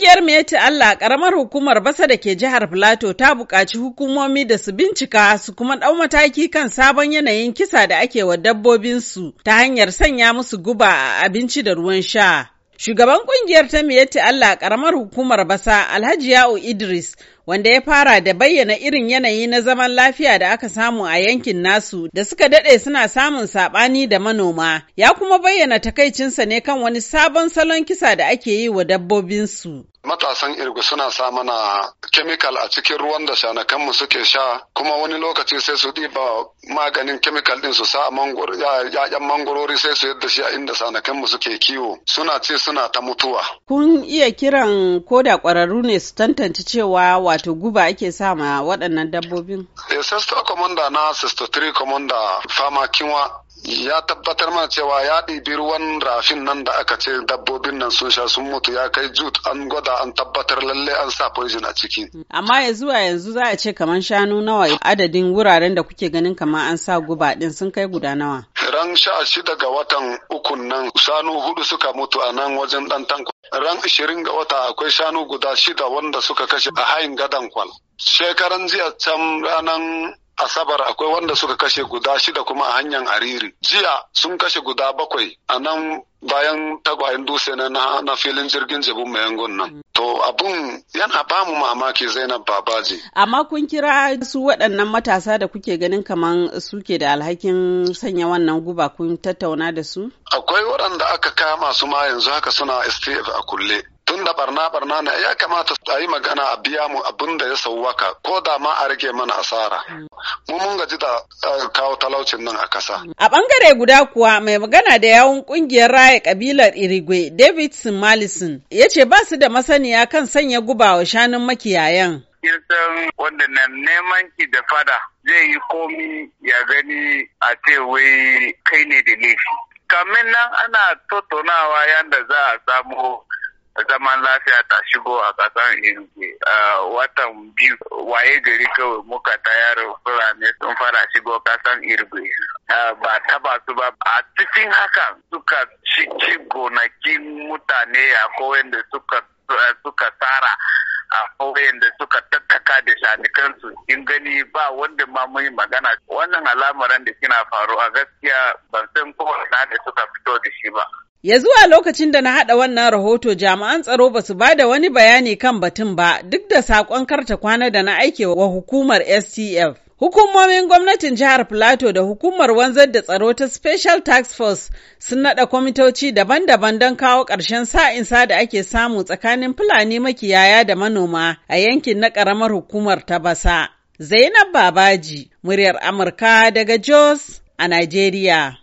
Ƙungiyar Meti Allah karamar hukumar basa da ke jihar Filato ta buƙaci hukumomi da su bincika su kuma ɗau mataki kan sabon yanayin kisa da ake wa dabbobinsu ta hanyar sanya musu guba a abinci da ruwan sha. Shugaban ƙungiyar ta Meti Allah ƙaramar hukumar basa Alhaji Ya'u Idris wanda ya fara da bayyana irin yanayi na zaman lafiya da aka samu a yankin nasu da suka dade suna samun saɓani da manoma ya kuma bayyana takaicinsa ne kan wani sabon salon kisa da ake yi wa dabbobinsu. Matasan irgu suna sa mana kemikal a cikin ruwan da shanakanmu suke sha kuma wani lokaci sai su ɗiba maganin kemikal ɗin su sa ya'yan mangurori sai su yadda shi a inda shanakanmu suke kiwo suna ce suna ta mutuwa. Kun iya kiran ko da ƙwararru ne su tantance cewa wato guba ake sa ma waɗannan dabbobin? The sister commander na sister three commander fama kinwa ya tabbatar mana cewa ya ɗibi ruwan rafin nan da aka ce dabbobin nan sun sha sun mutu ya kai jut an gwada an tabbatar lalle an sa poison a ciki. Amma ya zuwa yanzu za a ce kamar shanu nawa adadin wuraren da kuke ganin kamar an sa guba ɗin sun kai guda nawa. ran sha shida ga watan ukun nan shanu hudu suka mutu a nan wajen dan tankwal ran ishirin ga wata akwai shanu guda shida wanda suka kashe a hayin gadan kwal shekaran jiya can ranan asabar akwai wanda suka kashe guda shida kuma a hanyar ariri jiya sun kashe guda bakwai a nan bayan tagwayen dutse na na filin jirgin jabin mayangon nan to abun yana ba mu mamaki zainab babaji amma kun kira su waɗannan matasa da kuke ganin kamar suke da alhakin sanya wannan guba kun tattauna da su akwai waɗanda aka kama su ma yanzu haka suna stf a kulle tun da barna barna na ya kamata a yi magana a biya mu abin da ya sauwaka ko da ma a rage mana asara mu mun gaji da eh, kawo talaucin nan a kasa a bangare guda kuwa mai magana da yawun kungiyar raya kabilar irigwe David malison ya ce ba su da masaniya kan sanya guba wa shanun makiyayan kin san wanda neman ki da fada zai yi komi ya gani a ce wai kai ne da laifi kamin nan ana tattaunawa yadda za a samu zaman lafiya ta shigo a kasan inge watan biyu waye gari kawai muka tayar fulani sun fara shigo kasan irbe ba taba su ba a cikin haka suka ci gonakin mutane a kowai da suka tsara a kowai da suka tattaka da shanikansu in gani ba wanda ma mun magana wannan al'amuran da kina faruwa gaskiya ban san ko da suka fito da shi ba Ya zuwa lokacin da na haɗa wannan rahoto jami'an tsaro ba su ba da wani bayani kan batun ba duk da saƙon karta kwana da na aike wa hukumar STF. Hukumomin gwamnatin jihar Filato da hukumar wanzar da tsaro ta Special Task Force sun naɗa kwamitoci daban-daban don kawo ƙarshen sa'insa da ake samu tsakanin Fulani makiyaya da manoma a yankin na ƙaramar hukumar ta Basa. Zainab Babaji, muryar Amurka daga Jos a Najeriya.